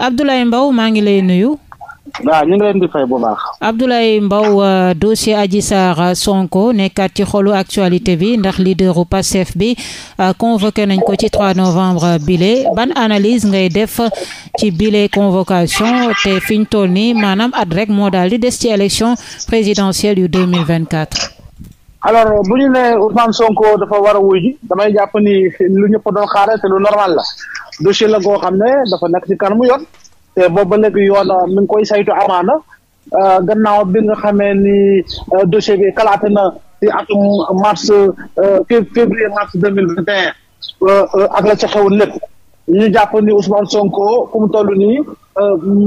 Abdoulaye Mbow maa ngi lay nuyu. waaw ñu ngi leen di fay bu baax. Abdoulaye Mbow euh, dossier euh, Sonko nekkaat ci xolu actualité bi ndax leaderu Pastef bi euh, convoqué nañ ko ci 3 novembre bile ban analyse ngay def ci bile convocation te fi ñu toll nii maanaam at rek moo daal di des ci élection présidentielle yu 2024. alors bu ñu nee Ousmane Sonko dafa war a wuy damay jàpp ni lu ñëpp doon xaare te lu normal la. dossier la goo xam ne dafa nekk ci kanamu yoon te boobu ba léegi yoon euh, mi ngi koy saytu amaana euh, gannaaw bi nga xamee ni euh, dossier bi kalaate na ci atum mars février mars deux mille vingt un ak la ca xewoon lépp ñu jàpp ni Ousmane Sonko fu mu toll nii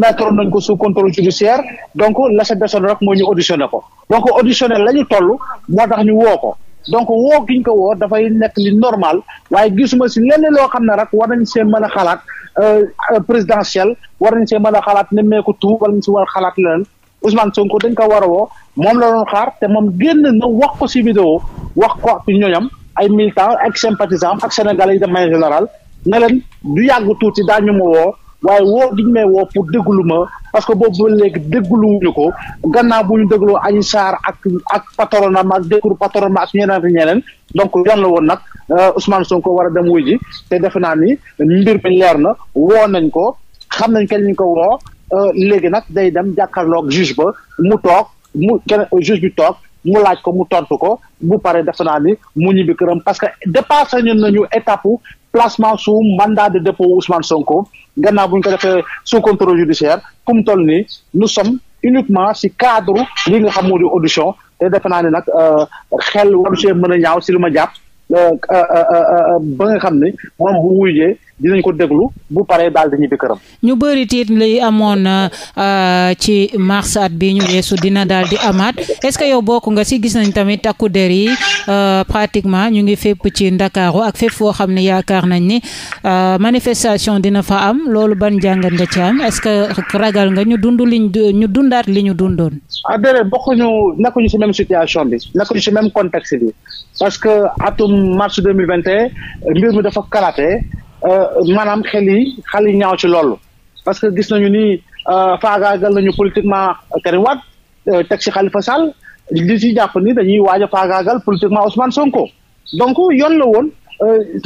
mettre nañ ko sous contrôle judiciaire donc la sa desoon rek moo ñu auditionné ko donc auditionné la ñu toll moo tax ñu woo ko. donc woo giñ ko woo dafay nekk li normal waaye gisuma si lenn loo xam ne rek war nañ see mën a xalaat euh, euh, présidentielle war nañ see mën a xalaat nemmeeku tout wala ñu si war a xalaat la leneen Ousmane Sonko dañ ko war a woo moom la doon xaar te moom génn nu wax ko si vidéo wax ko ak ñoñam ay militants ak sympathisants ak sénégalais yi de manière générale leen du yàgg tuuti woo waaye woo diñ may woo pour déglu ma parce que boobu ba léegi dégluwuñu ko gannaaw bu ñu dégloo Aji Sarr ak ak patronam ak déglu patronam ak ñeneen ak donc yoon la woon nag euh, Ousmane Sonko war a dem wuy ji te defe naa ni mbir mi leer na woo nañ ko xam nañ kenn ñu ko woo euh, léegi nag day dem jàkkarlook juge ba mu toog mu kenn juge bi toog mu laaj ko mu tontu ko bu paree def naa ni mu ñibbi këram parce que dépassé ñun nañu étape placement sous mandat de dépôt Ousmane Sonko gannaaw bu ñu ko defee sous contrôle judiciaire fu mu toll nii nous sommes uniquement si cadre li nga xam moo audition te defe naa ne nag euh, xel waru see mën a ñaaw si lu ma jàpp euh, euh, ba nga xam ne moom bu wuyjee dinañ ko déglu bu paree daal di ñibbi këram. ñu bëri tiit li amoon euh, euh, ci mars at bi ñu weesu dina daal di amaat est-ce que yow bokk nga si gis nañ tamit takku der yi euh, pratiquement ñu ngi fépp ci ndakaaru ak fépp foo xam ne yaakaar nañ ni manifestation dina fa am loolu ban jàngat nga ci am est que ragal nga ñu dund liñ ñu dundaat li ñu dundoon. ah déedéet bokkuñu nekkuñu si même situation bi nekkuñu si même contexte bi parce que atum mars deux mbir mi dafa kalaatee. Euh, maanaam xel yi yi ñaaw ci loolu parce que gis nañu ni euh, faagaagal nañu politiquement Karim Wade euh, teg ci Khalifa Sall li ci jàpp ni dañuy waaj a faagaagal politiquement Ousmane Sonko donc yoon la woon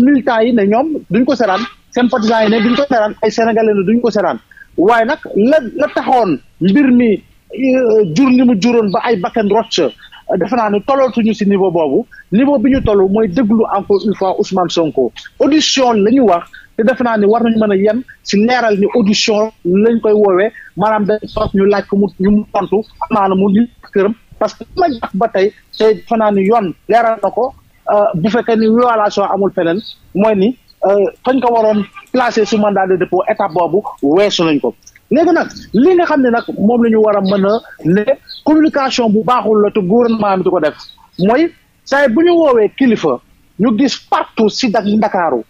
militants yi ne ñoom duñ ko seraan sympathisants yi ne duñ ko seraan ay sénégalais ne duñ ko seraan waaye nag la la taxoon mbir mi jur mu juróon ba ay bakkan rocc defe naa ne tollootuñu si niveau boobu niveau bi ñu toll mooy déglu encore une fois Ousmane Sonko audition la ñu wax te defe naa ne war nañu mën a yem si leeral ni audition lañ koy woowee maanaam dañ toog ñu laaj mu ñu mu tontu amaana këram parce que ma jàpp ba tey te defe ni yoon leeral na ko euh, bu fekkee ni violation amul feneen mooy ni euh, fañ ko waroon placer su mandat de dépôt étape boobu weesu nañ ko léegi nag li nga xam ne nag moom la ñu war a mën a ne communication bu baaxul la te gouvernement bi di ko def mooy saa bu ñu woowee kilifa ñu gis partout si dak Ndakaaru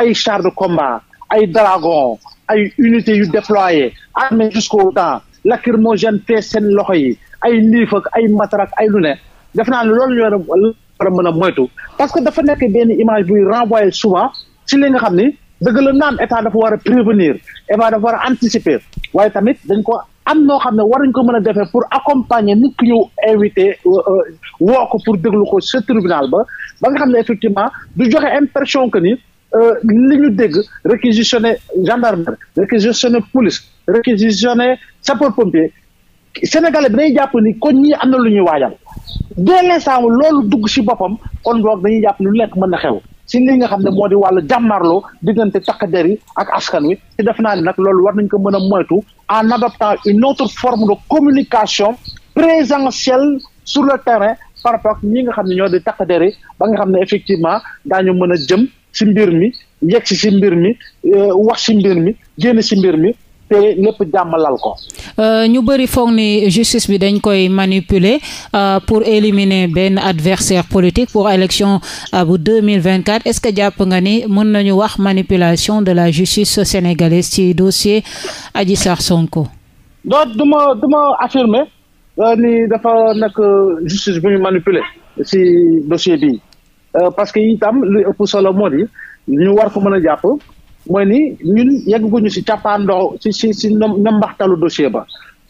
ay char de combat ay dragon ay unité yu déployé armée jusqu'au temps lacrymogène fee seen loxo yi ay niif ay matarak ay lu ne def naa ne loolu ñu war a a moytu parce que dafa nekk benn image buy renvoyer souvent ci li nga xam ni dëgg la naan état dafa war a prévenir état dafa war anticiper waaye tamit dañ ko am noo xam ne waruñ ko mën a defee pour accompagner nit ki ñu invité euh, euh, woo ko pour déglu ko ce tribunal ba ba nga xam ne effectivement du joxe impression que ni euh, li ñu dégg réquisitionné gendarmerie réquisitionné police réquisitionné sapeur pompier Sénégalais bi day jàpp ni kon ñii am na lu ñuy waajal dès l'instant loolu dugg ci boppam kon boog dañuy jàpp ni lu lekk mën na xew si li nga xam ne moo di wàllu jàmmarloo diggante takk der yi ak askan wi te def naa ne nag loolu war nañ ko mën a moytu en adoptant une autre forme de communication présentielle sur le terrain par rapport ak ñi nga xam ne ñoo di takk der yi ba nga xam ne effectivement daañu mën a jëm si mbir mi yegg ci si mbir mi euh, wax si mbir mi génn si mbir mi te lépp jàmm lal ko. Euh, ñu bëri foog ni justice bi dañ koy manipuler euh, pour éliminer benn adversaire politique pour élection euh, bu deux mille vingt quatre est-ce que jàpp nga ni mën nañu wax manipulation de la justice sénégalaise ci dossier Adji Sarr Sonko. donc du ma du ma affirmer ni dafa nekk justice bu ñu ci dossier bi parce que itam lu ëpp solo moo di ñu war ko mën a jàpp. mooy ni ñun yegguñu si cappaandoo si si si ñombaxtalu dossier ba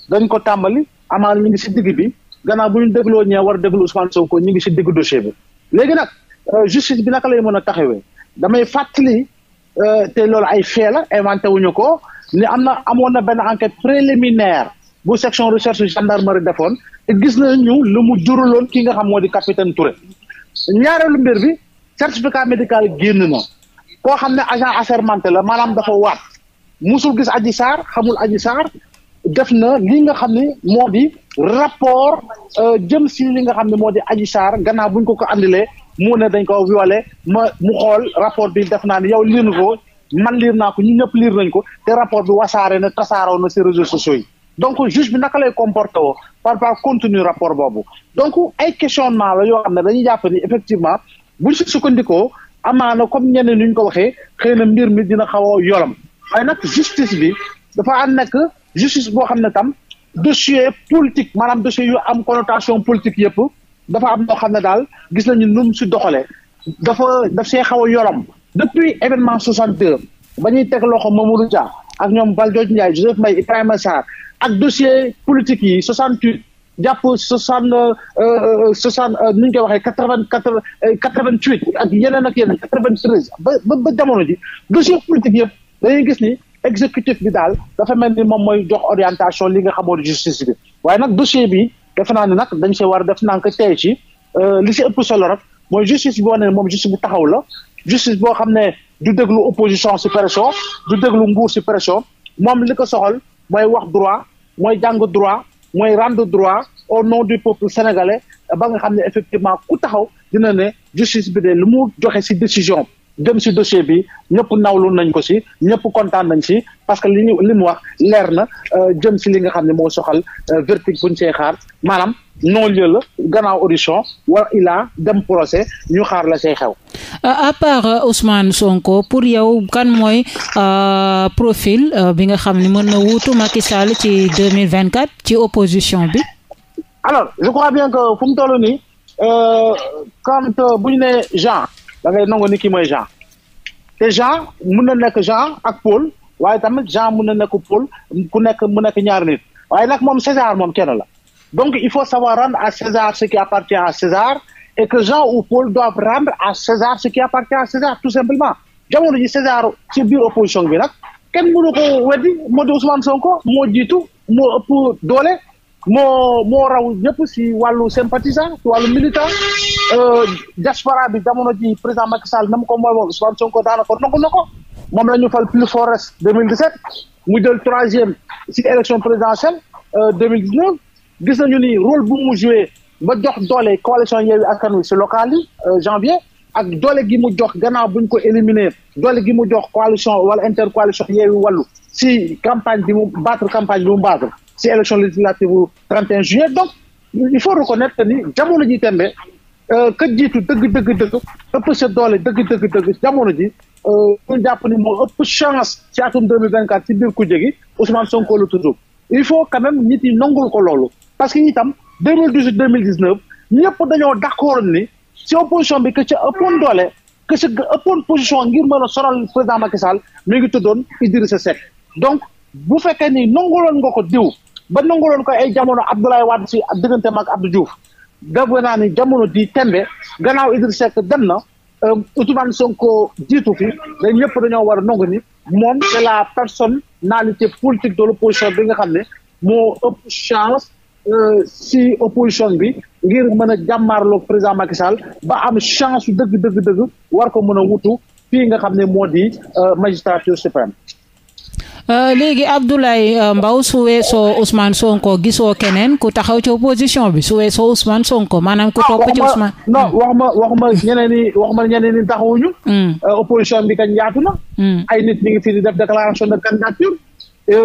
dañ ko tàmbali amaan ñu ngi si digg bi gannaaw bu ñu dégloo ñee war a déglu Ousmane Sonko ñu ngi si digg dossier bi léegi nag euh, justice bi naka lay mën a taxawee damay fàttali euh, te loolu ay fee la inventé wuñu ko ni am na amoon na benn enquête préliminaire bu section recherche gendarmerie defoon te gis nañu lu mu juraloon ki nga xam moo di capitaine Touré ñaareelu mbir bi certificat médical génn koo xam ne agent assermenté la maanaam dafa waat musul gis Adji Sarr xamul aji Sarr def na li nga xam ne moo di rapport euh, jëm si li nga xam ne moo di Adji Sarr gannaaw buñ ko ko andilee mu ne dañ ko violé ma mu xool rapport bi def naa ne yow liir nga ko man liir naa ko ñu ñëpp liir nañ ko te rapport bi wasaare na tasaaroo na si réseaux sociaux yi donc juge bi naka lay comporté wo par par contenu rapport boobu donc ay questionnement la yoo xam ne dañuy jàpp effectivement sukkandikoo amaana comme ñeneen ni ñu ko waxee xëy na mbir mi dina xaw yorom yoram waaye nag justice bi dafa ànd nekk justice boo xam ne tam dossier politique maanaam dossier yu am connotation politique yëpp dafa am noo xam ne daal gis nañu nu mu si doxalee dafa daf see xaw yorom yoram depuis événement 62 ba ñuy teg loxo Mamadou Dia ak ñoom Valdiodio Ndiaye Joseph Mbaye Ibrahima Sarr ak dossier politique yi 68. jàpp soixante euh, euh, soixante euh, nu ñu koy waxee quatre vingt quatre quatre vingt huit ak yeneen ak yeneen quatre vingt treize ba ba jamono ji dossier politique yëpp dañuy gis ni exécutif bi daal dafa mel ni moom mooy jox orientation li nga xamoon justice bi waaye nag dossier bi defe naa ne nag dañ see war a def naa ko tey ci li si ëpp solo rek mooy justice bi wane ne moom justice bu taxaw la justice boo xam ne du déglu opposition si pression du déglu nguur si pression moom li ko soxal mooy wax droit mooy jàng droit mooy rendre droit au nom du peuple sénégalais ba nga xam ne effectivement ku taxaw dina ne justice bi de lu mu joxe ci décision dem ci dossier bi ñëpp nawlu nañ ko ci ñëpp kontaan nañ ci parce que li ñu li mu wax leer na euh, jëm ci li nga xam ne moo soxal euh, verdict buñ see xaar maanaam non lieu la gannaaw audition wala il dem procès ñu xaar la say xew. Euh, à part euh, Ousmane Sonko pour yow kan mooy euh, profil bi nga xam ni mën na wuutu Macky ci 2024 ci opposition bi. alors je crois bien que fu mu toll nii quand bu ñu nee Jean da ngay ki mooy Jean te Jean mun na nekk Jean ak Paul waaye tamit Jean mu na nekk Paul ku nekk mu nekk ñaari nit waaye nag moom César moom kenn la donc il faut savoir rendre à César ce qui appartient à César. et que Jean ou Paul doivent rendre à César ce qui appartient à César tout simplement jamono ji César ci biir opposition bi nag kenn mënu ko weddi moo di Ousmane Sonko moo jiitu moo ëpp doole moo moo raw ñëpp si wàllu sympathisant si wàllu militant euh, diaspora bi jamono ji président Macky Sall na mu ko mooy woon Ousmane Sonko daal nangu na ko moom la ñu fal plus forest 2017 mu jël troisième si élection présidentielle 2019 euh, gis nañu ni rôle bu ba jox doole coalition Yewwi Askan Wi si euh, ak doole gi mu jox gannaaw buñ ko éliminer doole gi mu jox coalition wala intercoalition Yewwi Wallu si campagne bi mu battre campagne bi mu battre si élection législative bu 31 juillet donc il faut reconnaître que ni jamono ji tembe euh, ka dëgg dëgg dëgg ëpp sa doole dëgg dëgg dëgg jamono ji ñu euh, jàpp ni moo ëpp chance ci atum 2024 ci biir ku jegi Ousmane Sonko la toujours il faut quand même nit yi nangul ko loolu parce deux mille dix huit neuf ñëpp dañoo d' accord ni si opposition bi que ca doole que ca ëppoon position ngir mën a sonal président Macky Sall mi ngi tuddoon Idrissa Seck donc bu fekkee ni nanguloon nga ko diw ba nanguloon ko ay jamono Abdoulaye Wade si diggante mag Abdou Diouf dégg naa ni jamono di tembe gannaaw Idrissa Seck dem na euh, Ousmane Sonko jiitu fi da ñëpp dañoo war a nangu ni moom c'est la personnalité politique de l'opposition bi nga xam ne moo ëpp Euh, si opposition bi ngir mën a jàmmaarloog présent Macky ba am chance dëgg dëgg dëgg war ko mën a wutu fii nga xam ne moo di euh, magistrature suprême. Euh, léegi Abdoulaye mbaw su weesoo Ousmane Sonko gisoo keneen ku taxaw ci opposition bi su weesoo Ousmane Sonko maanaam ku topp ci ah, Ousmane. non hmm. wax ma wax ma ñeneen ñi wax ma ñeneen ñi taxawuñu. Hmm. opposition bi kañ yaatu na. Hmm. ay nit ñi ngi fi di def déclaration de candidature.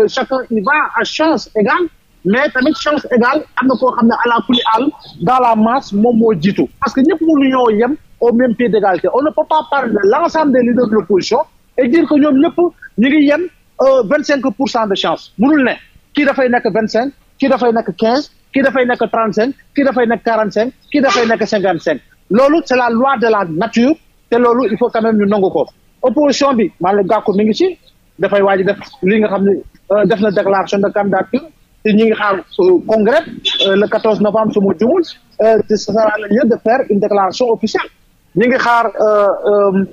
chacun il va à chance égale. mais tamit chance égale am na koo xam ne à la plus àll dans la masse moom moo jiitu parce que ñëpp mënuñoo yem au même pied d'égalité on ne peut pas parler de l'ensemble des leaders de l'opposition et dire que ñoom ñëpp ñu ngi yem euh, vingt cinq pour cent de chance mënul ne kii dafay nekk vingt cinq kii dafay nekk quinze kii dafay nekk trente cinq kii dafay nekk quarante cinq kii dafay nekk cinquante cinq loolu c'est la loi de la nature te loolu il faut quand même ñu bi Malick Gakou mi ngi ci dafay waaj def li nga xam ne euh, def na déclaration de candidature ñu ngi xaar congrès euh, le 14 novembre su ma jumul euh, ce sera le de faire une déclaration officielle ñu ngi xaar euh,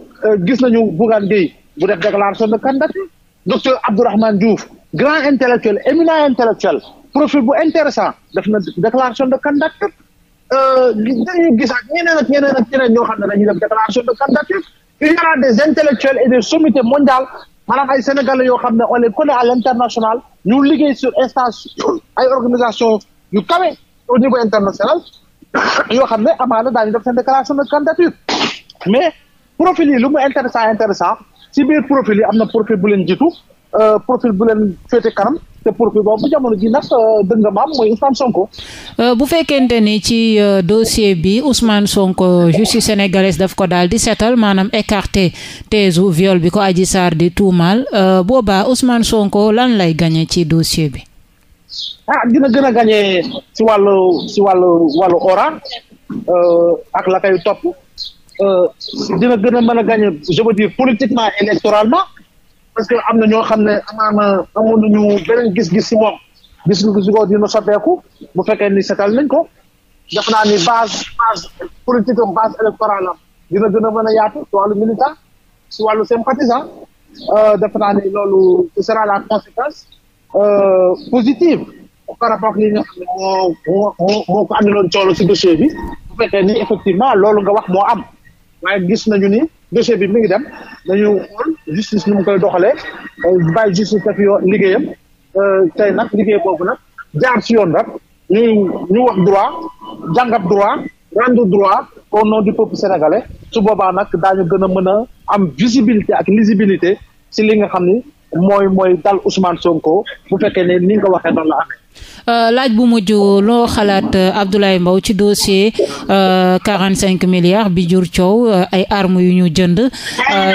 gis nañu Bougane Gueye bu def déclaration de candidature docteur Abdourahmane Diouf grand intellectuel éminent intellectuel profil bu intéressant def na déclaration de candidature dañuy gis ak ñeneen ñeneen ñeneen ñoo xam ne dañuy def déclaration de candidature il y aura des intellectuels et des sommités mondiales maanaam ay sénégalais yoo xam ne on les connaît à l'international ñu liggéey sur instance ay organisation yu kawe au niveau international yoo xam ne amaana daañu def seen déclaration de candidature mais profil yi lu mu intéressant intéressant si biir profil yi am na profil bu leen jiitu euh, profil bu leen féete kanam te profil boobu jamono ji nag euh, dëgg maam mooy Ousmane Sonko. Euh, bu fekkente ni ci euh, dossier bi Ousmane Sonko justice sénégalaise daf ko daal di seetal maanaam écarté teesu viol bi ko Adji Sarr di tuumaal boobaa Ousmane Sonko lan lay gagné ci dossier bi. ah dina gën a gagné si wàllu si wàllu wàllu ora ak la koy topp dina gën a mën a gagné je veux dire politiquement électoralement. parce que am na ñoo xam ne amaana amuñu beneen gis-gis si moom gis nga gis ko dina soppeeku bu fekkee ni setal nañ ko def naa ni base base politique am base dina gën a mën a yaatu si wàllu militant si wàllu sympathisant euh, def naa ni loolu ce sera conséquence euh, positive par rapport ak li nga xam ne moo moo moo ko andiloon coolo si dossier bi bu fekkee ni effectivement loolu nga wax moo am waaye gis nañu ni. dossier bi mi ngi dem dañu xool justice nu mu koy doxalee euh, bàyyi justice def liggéeyam euh, tey nag liggéey boobu nag jaar ci yoon rek ñu ñu wax droit jàngat droit rendre droit au nom du peuple sénégalais su boobaa nag daañu gën a mën a am visibilité ak lisibilité ci li nga xam ni mooy mooy dal Ousmane Sonko bu fekkee ne ni nga ko waxee noonu la amee. Euh, laaj bu mujj loo xalaat euh, Abdoulaye Mbow ci dossier euh, quarante cinq milliards bi jur coow ay armes yu ñu jënd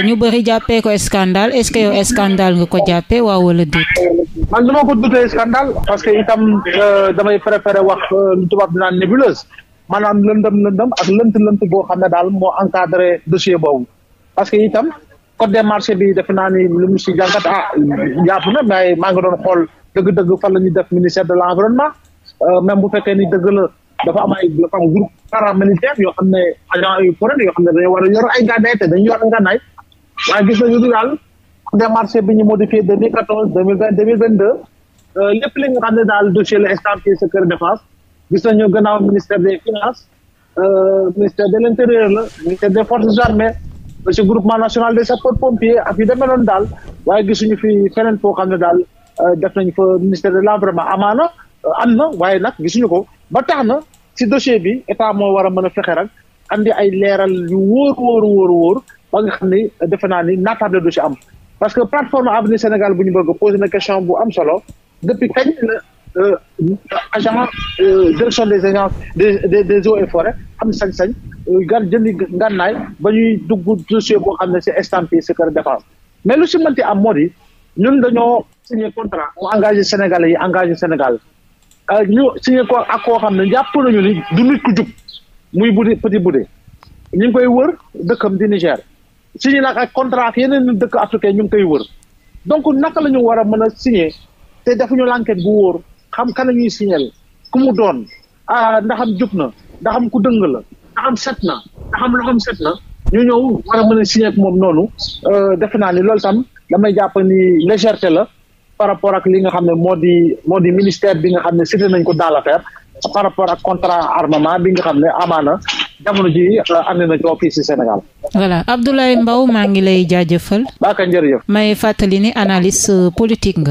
ñu bëri jàppee ko scandale est-ce yow scandale nga ko jàppee waaw wala déet. man ma parce que itam damay préférer wax lu tubaab di lëndëm lëndëm ak lënt lënt boo xam ne daal moo encadré dossier boobu parce que itam code des marchés bi defe naa ni lu mu si jàngat ah jàpp na maa ngi doon xool. dëgg-dëgg fan la ñuy def ministère de l' environnement euh, même bu fekkee ni dëgg la dafa am ay dafa am groupe paramilitaire yoo xam ne agent ay forêt yoo xam ne dañoo war a yor ay gànnaay te dañu yor gànnaay waaye gis nañu daal bi ñu modifié 2014 2020 2022 lépp li nga xam ne daal dossier la estampillé secret défense gis nañu gannaaw ministère des finances euh, ministère de l' intérieur la ministère des forces armées ci groupement national des sapeurs pompiers ak yu demee noonu daal waaye gisuñu fi feneen foo xam ne daal. Euh, def nañ fa ministère de l'environnement amaana euh, am na waaye nag gisuñu ko ba tax na si dossier bi état moo war a mën a fexe rek andi ay leeral yu wóor wóor wóor wóor ba nga xam ni euh, defe naa ni naataable du si am parce que plateforme avenir Sénégal bu ñu bëgg posé na question bu am solo depuis kañ la agent direction des agences des des eaux et forêts am sañ-sañ gan jëndi ngànnaay ba ñuy dugg dossier boo xam ne si estampillé secret défense mais lu si mënti am moo di ñun dañoo signé contrat mu engagé Sénégal yi engagé Sénégal euh, ñu signé ko ak koo xam ne jàpp nañu ni du nit ku jub muy Bouté Petit Bouté ñu ngi koy wër dëkkam di Niger signé nag ak contrat yeneen dëkk africain ñu ngi koy wër donc naka lañu ñu war a mën a signé te defuñu l'enquête bu wóor xam kan la ñuy signé ku mu doon ah, ndaxam jub na ndaxam ku dëng la ndaxam set na ndaxam loxam set na ñu ñëw war a mën a signé ak moom noonu euh, defe naa ni loolu tam damay jàpp ni la par rapport ak li nga xam ne moo di moo di ministère bi nga xam ne cité nañ ko dans l'affaire par rapport ak contrat armement bi nga xam ne amaana jamono ji ànd euh, na ko fii si Sénégal. voilà Abdoulaye Mbow maa ngi lay jaajëfal. baaka njëriñëf. may fàttali ni analyste politique nga.